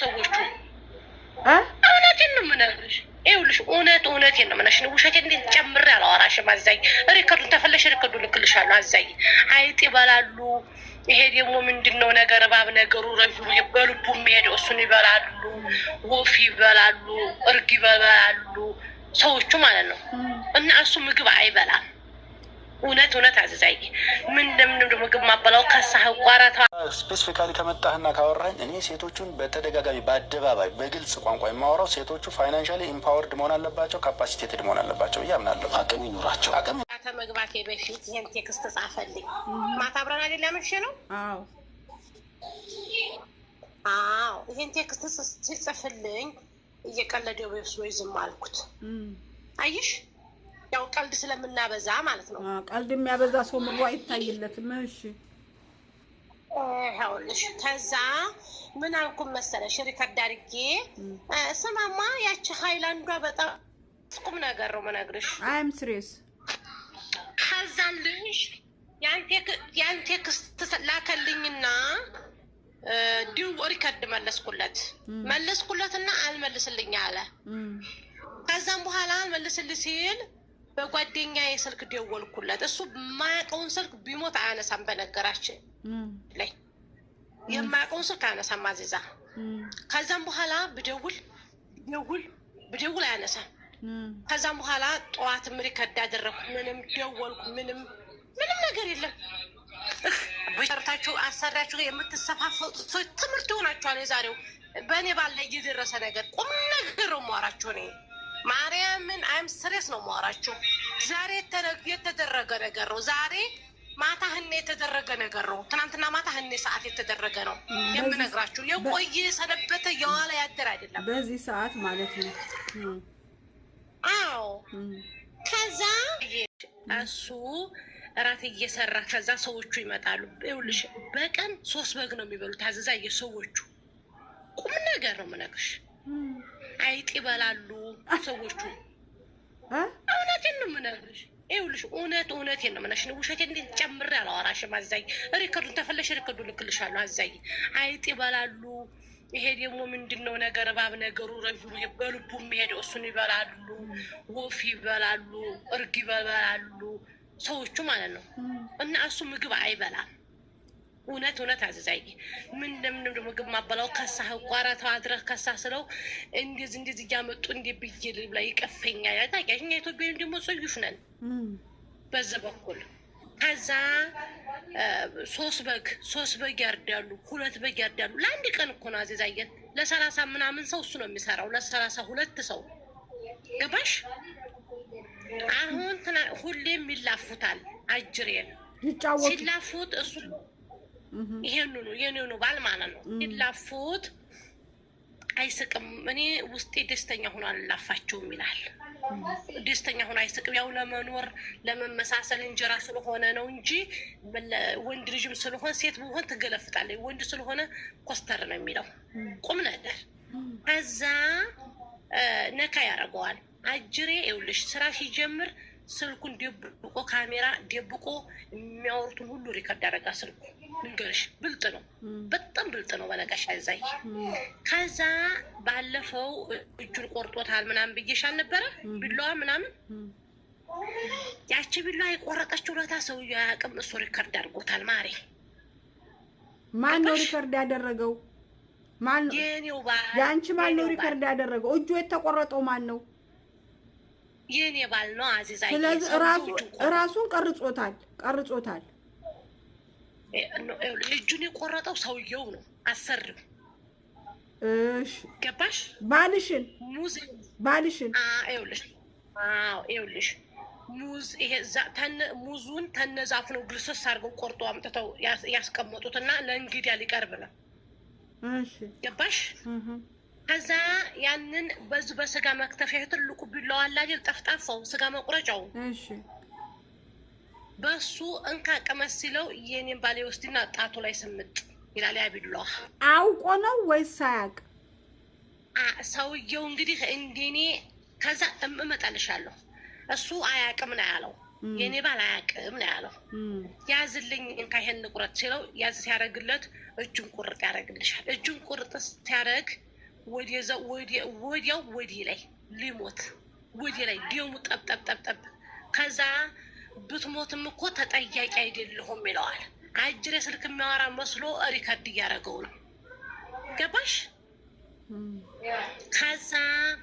ሰዎቹ እውነቴን ነው የምነግርሽ። ይኸውልሽ እውነት እውነቴን ነው የምነግርሽ። ውሸቴን እንዴት ጨምሬ አላወራሽም። አዛኝ ሪከርዱን ተፈለሽ ሪከርዱ ልክልሻለሁ። አዛኝ አይጥ ይበላሉ። ይሄ ደግሞ ምንድን ነው ነገር እባብ ነገሩ ረዩ በልቡ የሚሄደው እሱን ይበላሉ። ወፍ ይበላሉ፣ እርግ ይበላሉ ሰዎቹ ማለት ነው። እና እሱ ምግብ አይበላም። እውነት እውነት አዘዛይ ምን እንደምንም ምግብ ማበላው ከሳህ ቋረታ ስፔሲፊካሊ ከመጣህና ካወራኝ እኔ ሴቶቹን በተደጋጋሚ በአደባባይ በግልጽ ቋንቋ የማወራው ሴቶቹ ፋይናንሻሊ ኢምፓወርድ መሆን አለባቸው፣ ካፓሲቴትድ መሆን አለባቸው ብዬ አምናለሁ። አቅም ይኑራቸው። አቅም ከመግባቴ በፊት ይህን ቴክስት ጻፈልኝ። ማታ አብረን አይደል ነው? አዎ አዎ። ይህን ቴክስት ሲጽፍልኝ እየቀለደው እየቀለደ ወይ ዝም አልኩት። አይሽ ያው ቀልድ ስለምናበዛ ማለት ነው። ቀልድ የሚያበዛ ሰው ምሯ አይታይለትም። እሺ ይኸውልሽ ከዛ ምን አልኩ መሰለሽ ሪከርድ አድርጌ ስማማ ያቺ ሀይላንዷ በጣም ቁም ነገር ነው የምነግርሽ። አይም ስሪስ ከዛም ልሽ ያን ላከልኝና ዲው ሪከርድ መለስኩለት መለስኩለትና አልመልስልኝ አለ። ከዛም በኋላ አልመልስልኝ ሲል በጓደኛ የስልክ ደወልኩለት። እሱ ማያቀውን ስልክ ቢሞት አያነሳም በነገራችን ላይ የማያውቀውን ስልክ አያነሳም ማዘዛ። ከዛም በኋላ ብደውል ደውል ብደውል አያነሳም። ከዛም በኋላ ጠዋት ምሪ ከዳ አደረኩ። ምንም ደወልኩ፣ ምንም ምንም ነገር የለም። ሰርታችሁ አሰሪያችሁ የምትሰፋፈጡት ትምህርት ይሆናችኋል። የዛሬው በእኔ ባለ የደረሰ ነገር ቁም ነገር ነው የማወራችሁ እኔ ማርያምን አይም ስሬስ ነው የማወራችሁ። ዛሬ የተደረገ ነገር ነው ዛሬ ማታ ህኔ የተደረገ ነገር ነው። ትናንትና ማታ ህኔ ሰዓት የተደረገ ነው የምነግራችሁ። የቆየ ሰነበተ የዋለ ያደር አይደለም። በዚህ ሰዓት ማለት ነው። አዎ። ከዛ እሱ እራት እየሰራ ከዛ ሰዎቹ ይመጣሉ። ይኸውልሽ በቀን ሶስት በግ ነው የሚበሉት አዘዛ የሰዎቹ ቁም ነገር ነው የምነግርሽ። አይጥ ይበላሉ ሰዎቹ። እውነቴን ነው የምነግርሽ ይኸውልሽ እውነት እውነት ነው የምነሽ። ውሸቴን እንዴት ጨምሬ አላወራሽም። አዛይ ሪከርዱን ተፈለሽ ሪከርዱ ልክልሻለሁ። አዛይ አይጥ ይበላሉ። ይሄ ደግሞ ምንድን ነው ነገር እባብ ነገሩ ረዥሙ በልቡ የሚሄደው እሱን ይበላሉ። ወፍ ይበላሉ። እርግ ይበላሉ ሰዎቹ ማለት ነው። እና እሱ ምግብ አይበላም እውነት እውነት አዘዛኝ ምን እንደምንም ደግሞ ግብ ማበላው ከሳህ ቋረተው አድረህ ከሳህ ስለው እንዴዝ እንዴዝ እያመጡ እንዲ ብዬ ልብላ ይቀፈኛል። ታውቂያለሽ እኛ ኢትዮጵያ ደግሞ ጽዩፍ ነን በዛ በኩል። ከዛ ሶስት በግ ሶስት በግ ያርዳሉ፣ ሁለት በግ ያርዳሉ። ለአንድ ቀን እኮ ነው አዘዛየን። ለሰላሳ ምናምን ሰው እሱ ነው የሚሰራው፣ ለሰላሳ ሁለት ሰው ገባሽ? አሁን ሁሌም ይላፉታል አጅሬን ሲላፉት እሱ Mm-hmm. ይሄን ነው የኔ ነው ባል ማለት ነው ይላፉት mm. አይስቅም። እኔ ውስጤ ደስተኛ ሆኖ አልላፋቸውም ይላል። mm. ደስተኛ ሆኖ አይስቅም። ያው ለመኖር ለመመሳሰል እንጀራ ስለሆነ ነው እንጂ ወንድ ልጅም ስለሆነ ሴት ብሆን ትገለፍጣለች። ወንድ ስለሆነ ኮስተር ነው የሚለው mm. ቁም ነገር። ከዛ ነካ ያደርገዋል። አጅሬ ይኸውልሽ ስራ ሲጀምር ስልኩን ደብቆ ካሜራ ደብቆ የሚያወሩትን ሁሉ ሪከርድ ያደረጋ ስልኩ ንገርሽ ብልጥ ነው፣ በጣም ብልጥ ነው። በለቀሻ ዛይ። ከዛ ባለፈው እጁን ቆርጦታል ምናምን ብዬሽ አልነበረ? ቢላዋ ምናምን ያቺ ቢላዋ የቆረጠችው ለታ ሰውዬው አያውቅም። እሱ ሪከርድ አድርጎታል። ማሬ ማን ነው ሪከርድ ያደረገው? የአንቺ ማን ነው ሪከርድ ያደረገው? እጁ የተቆረጠው ማን ነው? የኔ ባል ነው አዚዛ። ስለዚህ ራሱን ቀርጾታል ቀርጾታል እጁን የቆረጠው ሰውየው ነው፣ አሰሪው ገባሽ? ባልሽን ባልሽን ይኸውልሽ፣ ይኸውልሽ ሙዝ ይሄ ሙዙን ተነዛፍ ነው ግልሶስ አድርገው ቆርጦ አምጥተው ያስቀመጡት እና ለእንግዲያ ሊቀርብ ነው። ገባሽ? ከዛ ያንን በዚህ በስጋ መክተፊያ ትልቁ ቢላዋ ጠፍጣፋው ስጋ መቁረጫው በሱ እንካ ቅመስ ሲለው የኔን ባሌ ውስድና ጣቱ ላይ ስምጥ ይላል። ያቢሏ አውቆ ነው ወይስ ሳያቅ? ሰውየው እንግዲህ እንዴኔ ከዛ እመጣልሻለሁ እሱ አያቅም ነው ያለው። የኔ ባል አያቅም ነው ያለው። ያዝልኝ እንካ ይሄን ንቁረት ሲለው ያዝ ሲያደርግለት እጁን ቁርጥ ያደርግልሻል። እጁን ቁርጥ ሲያደርግ ወዲያው ወዲ ላይ ሊሞት ወዲ ላይ ደሙ ጠብጠብጠብጠብ ከዛ ብትሞትም እኮ ተጠያቂ አይደለሁም ይለዋል። አጅሬ ስልክ የሚያወራ መስሎ ሪከርድ እያደረገው ነው። ገባሽ? ከዛ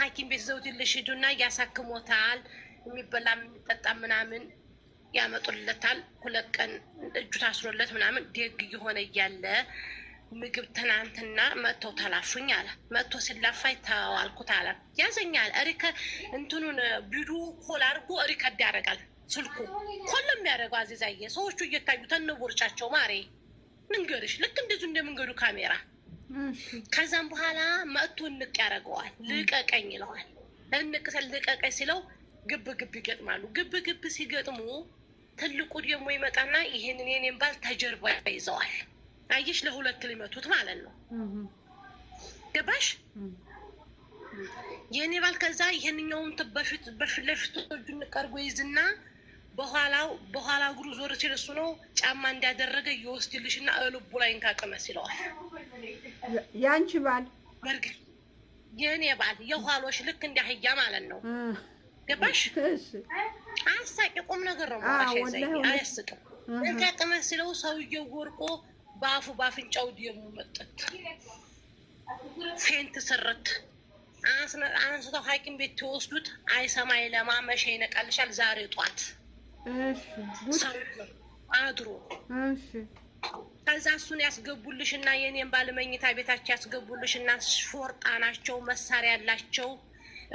ሐኪም ቤት ዘውት ልሽዱና ያሳክሞታል። የሚበላ የሚጠጣ ምናምን ያመጡለታል። ሁለት ቀን እጁ ታስሮለት ምናምን ደግ እየሆነ እያለ ምግብ ትናንትና መጥተው ተላፉኝ አለ። መጥቶ ሲላፋኝ ተዋልኩት አለ። ያዘኛል ሪከ እንትኑን ቢዱ ኮል አድርጎ ሪከርድ ያደርጋል። ስልኩ ኮሎ የሚያደርገው አዜዛዬ ሰዎቹ እየታዩ ተነቦርጫቸው ማሬ መንገድሽ ልክ እንደዚሁ እንደ መንገዱ ካሜራ። ከዛም በኋላ መጥቶ እንቅ ያደርገዋል። ልቀቀኝ ይለዋል። እንቅሰል ልቀቀኝ ሲለው ግብ ግብ ይገጥማሉ። ግብ ግብ ሲገጥሙ ትልቁ ደግሞ ይመጣና ይህንን የኔን ባል ተጀርባ ይዘዋል። አየሽ ለሁለት ሊመቱት ማለት ነው። ገባሽ? የኔ ባል ከዛ ይህንኛውን በፊት ለፊቱ እጁን ቀርጎ ይዝና በኋላው በኋላ እግሩ ዞር ሲል እሱ ነው ጫማ እንዳደረገ ይወስድልሽና እልቡ ላይ እንካቀመስ ይለዋል። ያንቺ ባል በርግ የእኔ ባል የኋሎች ልክ እንደ አህያ ማለት ነው። ገባሽ? አሳቂ ቁም ነገር ነው። አያስቅም። እንካቅመስ ሲለው ሰውየው ወርቆ በአፉ በአፍንጫው ደሙ መጠት ፌንት ስርት አንስተው ሐኪም ቤት ትወስዱት አይሰማይ ለማመሻ ይነቃልሻል ዛሬ ጧት አድሮ ከዛ እሱን ያስገቡልሽና የኔን ባለመኝታ ቤታቸው እና ሾርጣ ናቸው፣ መሳሪያ ያላቸው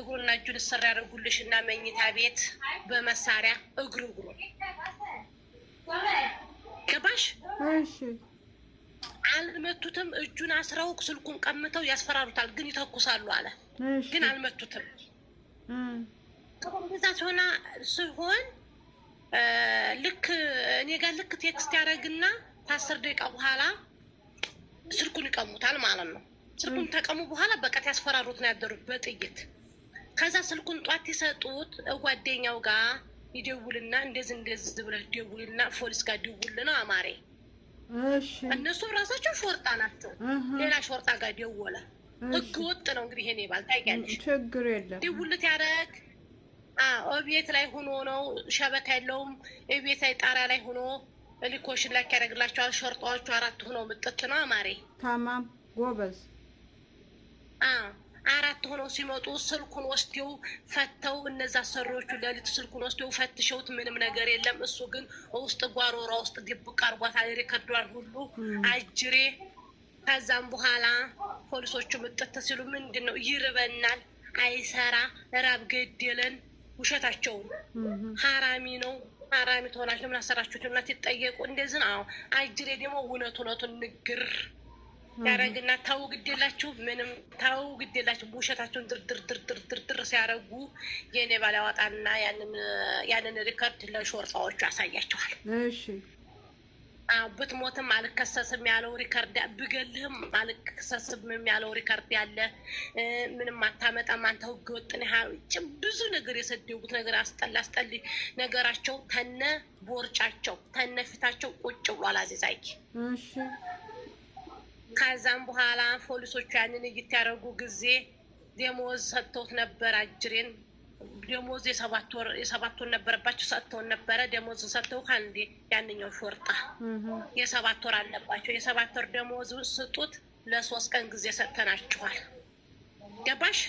እግሩና እጁ ያደርጉልሽ እና መኝታ ቤት በመሳሪያ እግሩ እግሩ ገባሽ? አልመቱትም። እጁን አስረው ስልኩን ቀምተው ያስፈራሩታል፣ ግን ይተኩሳሉ አለ። ግን አልመቱትም። ከዛ ሲሆን ልክ እኔ ጋር ልክ ቴክስት ያደረግና ከአስር ደቂቃ በኋላ ስልኩን ይቀሙታል ማለት ነው። ስልኩን ተቀሙ በኋላ በቀት ያስፈራሩት ነው ያደሩት በጥይት። ከዛ ስልኩን ጧት የሰጡት ጓደኛው ጋር ይደውልና እንደዚህ እንደዚህ ብለህ ደውልና ፖሊስ ጋር ደውል ነው አማሬ። እነሱ ራሳቸው ሾርጣ ናቸው። ሌላ ሾርጣ ጋር ደወለ። ህግ ወጥ ነው እንግዲህ ይሄን ባል ታውቂያለሽ። ችግር የለም ደውልት ያደረግ እቤት ላይ ሆኖ ነው ሸበት ያለውም ቤት ላይ ጣሪያ ላይ ሆኖ ሊኮሽን ላክ ያደርግላቸዋል። ሸርጧዎቹ አራት ሆኖ ምጥት ነው አማሬ ታማም ጎበዝ አራት ሆነው ሲመጡ ስልኩን ወስደው ፈተው እነዛ ሰሪዎቹ ለሊት ስልኩን ወስደው ፈትሸውት ምንም ነገር የለም። እሱ ግን ውስጥ ጓሮራ ውስጥ ድብቅ አርጓታል፣ ሪከርዷን ሁሉ አጅሬ። ከዛም በኋላ ፖሊሶቹ ምጥት ሲሉ ምንድን ነው ይርበናል፣ አይሰራ ረብ ገደለን ውሸታቸውን ሀራሚ ነው ሀራሚ ትሆናችሁ ለምን አሰራችሁት ለምን አትጠየቁ እንደዚህ አዎ አጅሬ ደግሞ እውነቱ እውነቱን ንግር ያደረግና ታው ግዴላችሁ ምንም ታው ግዴላችሁ ውሸታችሁን ድርድርድርድርድር ሲያደርጉ የኔ ባላዋጣና ያንን ሪከርድ ለሾርጣዎቹ ያሳያቸዋል እሺ ብትሞትም አልከሰስም ያለው ሪከርድ፣ ብገልህም አልከሰስም ያለው ሪከርድ ያለ ምንም አታመጣም አንተ ህገ ወጥ ነህ። ብዙ ነገር የሰደቡት ነገር አስጠላ አስጠል ነገራቸው ተነ ቦርጫቸው ተነ ፊታቸው ቁጭ ብሏል። አዜዛይ ከዛም በኋላ ፖሊሶቹ ያንን እይት ያደረጉ ጊዜ ደሞዝ ሰጥቶት ነበር አጅሬን ደሞዝ የሰባት ወር የሰባት ወር ነበረባቸው ሰጥተውን ነበረ። ደሞዝ ሰጥተው ከአንዴ ያንኛው ሾርጣ የሰባት ወር አለባቸው። የሰባት ወር ደሞዝ ስጡት፣ ለሶስት ቀን ጊዜ ሰጥተናችኋል። ገባሽ?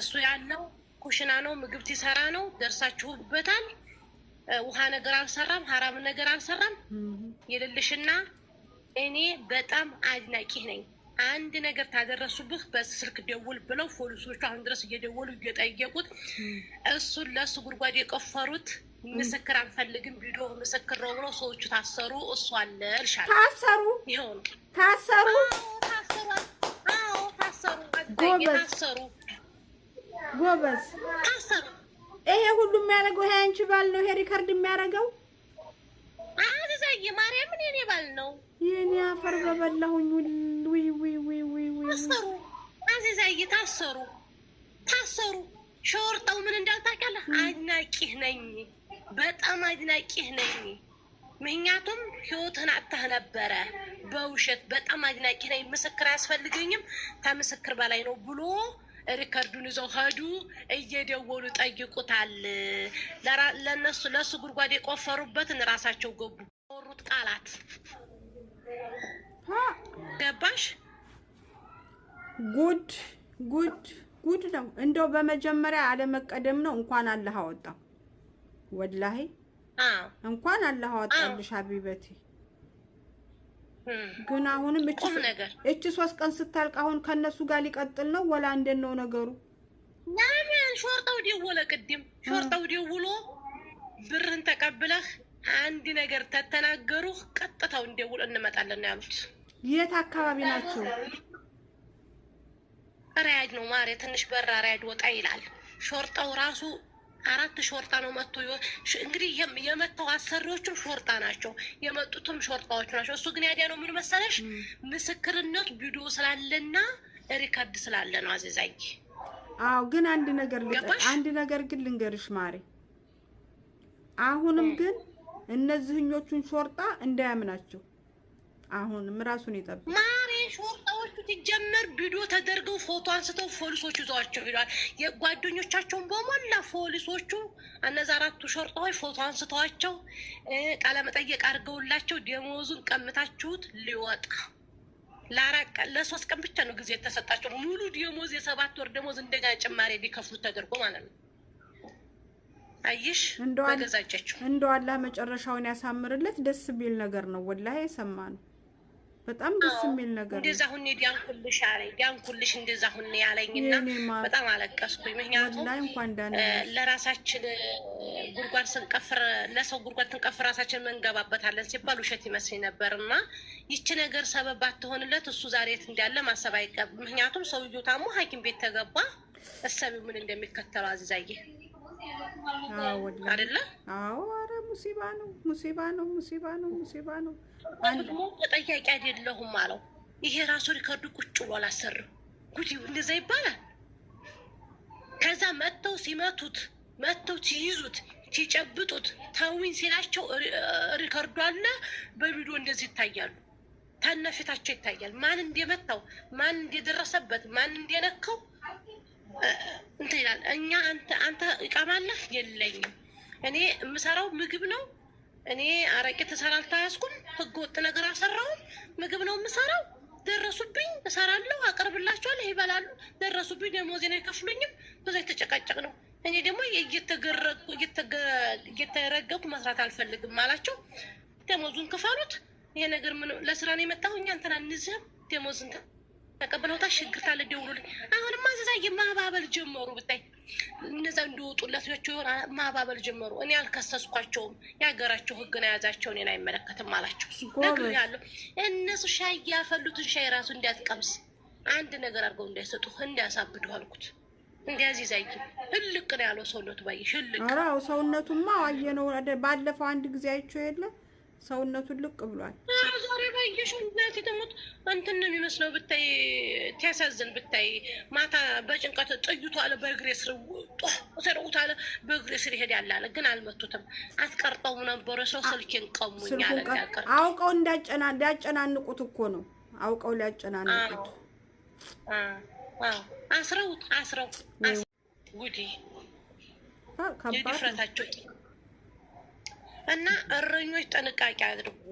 እሱ ያለው ኩሽና ነው፣ ምግብ ትሰራ ነው። ደርሳችሁበታል። ውሃ ነገር አልሰራም፣ ሀራም ነገር አልሰራም። ይልልሽና እኔ በጣም አድናቂ ነኝ አንድ ነገር ታደረሱብህ በስልክ ደውል ብለው ፖሊሶቹ አሁን ድረስ እየደወሉ እየጠየቁት እሱን ለእሱ ጉድጓድ የቆፈሩት ምስክር አንፈልግም፣ ቪዲዮ ምስክር ነው ብሎ ሰዎቹ ታሰሩ። እሱ አለ እልሻለሁ። ታሰሩ ይሆኑ ታሰሩ ታሰሩ ታሰሩ ጎበዝ ታሰሩ። ይሄ ሁሉ የሚያደርገው ይሄ አንቺ ባል ነው። ይሄ ሪከርድ የሚያደርገው አዝዛዬ ማርያምን የኔ ባል ነው። የኔ አፈር በበላሁኝ ሁሉ ታሰሩ፣ አዚዛዬ ታሰሩ፣ ታሰሩ። ሸወርጠው ምን እንዳልታውቃለህ፣ አድናቂህ ነኝ፣ በጣም አድናቂህ ነኝ። ምክንያቱም ህይወትህን አታህ ነበረ በውሸት በጣም አድናቂ ነኝ፣ ምስክር አያስፈልገኝም፣ ከምስክር በላይ ነው ብሎ ሪከርዱን ይዘው ሄዱ። እየደወሉ ጠይቁታል። ለእነሱ ለእሱ ጉድጓድ የቆፈሩበትን ራሳቸው ገቡ። ወሩት ቃላት ገባሽ? ጉድ ጉድ ጉድ ነው። እንደው በመጀመሪያ አለመቀደም ነው። እንኳን አላህ አወጣ፣ ወላሂ እንኳን አላህ አወጣልሽ ሀቢበቴ። ግን አሁንም እቺ ሶስት ቀን ስታልቅ አሁን ከነሱ ጋር ሊቀጥል ነው ወላ እንደት ነው ነገሩ? ለምን ሾርጣው ደወለ? ቅድም ሾርጣው ደውሎ ብርን ተቀብለህ አንድ ነገር ተተናገሩ ቀጥታው እንደውል እንመጣለን ያሉት የት አካባቢ ናቸው? ሪያድ ነው ማሬ። ትንሽ በራ ሪያድ ወጣ ይላል። ሾርጣው ራሱ አራት ሾርጣ ነው መጥቶ እንግዲህ የመጣው አሰሪዎችም ሾርጣ ናቸው፣ የመጡትም ሾርጣዎች ናቸው። እሱ ግን ያዲያ ነው ምን መሰለሽ፣ ምስክርነት ቪዲዮ ስላለና ሪከርድ ስላለ ነው አዘዛኝ። አዎ ግን አንድ ነገር አንድ ነገር ግን ልንገርሽ ማሬ፣ አሁንም ግን እነዚህኞቹን ሾርጣ እንዳያምናቸው አሁንም ራሱን ይጠብ ማሬ ሾርጣዎቹ ሲጀመር ቪዲዮ ተደርገው ፎቶ አንስተው ፖሊሶቹ ይዟቸው ይሏል። የጓደኞቻቸውን በሞላ ፖሊሶቹ እነዛ አራቱ ሾርጣዎች ፎቶ አንስተዋቸው ቃለመጠየቅ አድርገውላቸው ደሞዙን ቀምታችሁት ሊወጣ ለአራት ቀን ለሶስት ቀን ብቻ ነው ጊዜ የተሰጣቸው። ሙሉ ደሞዝ የሰባት ወር ደሞዝ እንደገና ጭማሬ ሊከፍሉት ተደርጎ ማለት ነው። አይሽ እንደዋላ መጨረሻውን ያሳምርለት። ደስ ቢል ነገር ነው ወላሂ የሰማ ነው። በጣም ደስ የሚል ነገር ነው። እንደዛ ሁኔ ዲያንኩልሽ አለኝ ዲያንኩልሽ እንደዛ ሁኔ ያለኝና በጣም አለቀስኩኝ። ምክንያቱም ለራሳችን ጉድጓድ ስንቀፍር ለሰው ጉድጓድ ትንቀፍር ራሳችን መንገባበታለን ሲባል ውሸት ይመስል ነበር እና ይቺ ነገር ሰበብ ባትሆንለት እሱ ዛሬ የት እንዳለ ማሰብ አይቀብ። ምክንያቱም ሰውዬው ታሞ ሐኪም ቤት ተገባ እሰቢው ምን እንደሚከተለው አዚዛዬ አይደለ? አዎ፣ አረ ሙሲባ ነው፣ ሙሲባ ነው፣ ሙሲባ ነው፣ ሙሲባ ነው። ደግሞ ተጠያቂ አይደለሁም አለው። ይሄ ራሱ ሪከርዱ ቁጭ ብሎ አላሰርም። ጉዲ እንደዛ ይባላል። ከዛ መጥተው ሲመቱት መጥተው ሲይዙት ሲጨብጡት ታዊን ሲላቸው ሪከርዱ አለ። በቪዲዮ እንደዚህ ይታያሉ። ተነፊታቸው ይታያል። ማን እንደመታው፣ ማን እንደደረሰበት፣ ማን እንደነካው እንትን ይላል። እኛ አንተ አንተ የለኝም እኔ የምሰራው ምግብ ነው እኔ አረቄ ተሰራ አልታያዝኩም፣ ህገ ወጥ ነገር አልሰራሁም። ምግብ ነው የምሰራው። ደረሱብኝ፣ እሰራለሁ፣ አቀርብላቸዋለሁ፣ ይበላሉ። ደረሱብኝ፣ ደሞዜን አይከፍሉኝም። በዛ የተጨቃጨቅ ነው። እኔ ደግሞ እየተረገኩ መስራት አልፈልግም አላቸው። ደሞዙን ክፈሉት። ይሄ ነገር ምን ለስራ ነው የመጣሁ እኛ እንትን አንዝህም። ደሞዝን ተቀብለውታ ሽግርታ ለደውሉልኝ። አሁንማ እዛ የማባበል ጀመሩ ብታይ እንዲወጡለት ቸው ይሆን ማባበል ጀመሩ። እኔ አልከሰስኳቸውም። የሀገራቸው ሕግን የያዛቸው እኔን አይመለከትም አላቸው። ነግሬያለሁ። እነሱ ሻይ ያፈሉትን ሻይ ራሱ እንዲያትቀምስ አንድ ነገር አድርገው እንዳይሰጡ እንዲያሳብዱ አልኩት። እንዲያዚህ ዛይ ህልቅ ነው ያለው ሰውነቱ ባየሽ፣ ህልቅ አዎ። ሰውነቱማ አየነው። ባለፈው አንድ ጊዜ አይቼው የለ ሰውነቱ ልቅ ብሏል። ዛሬ ባየሽ እናቴ ትሙት እንትን ነው የሚመስለው ብታይ፣ ትያሳዝን ብታይ። ማታ በጭንቀት ጥይቱ አለ በእግሬ ስር ውሰድቁት አለ። በእግሬ ስር ይሄድ ያላለ ግን አልመቱትም። አስቀርጠው ነበረ ሰው ስልኬን ቀሙኝ አለ። አውቀው እንዳያጨናንቁት እኮ ነው። አውቀው ሊያጨናንቁት አስረውት አስረው ጉዲ የድፍረታቸው እና እረኞች ጥንቃቄ አድርጉ።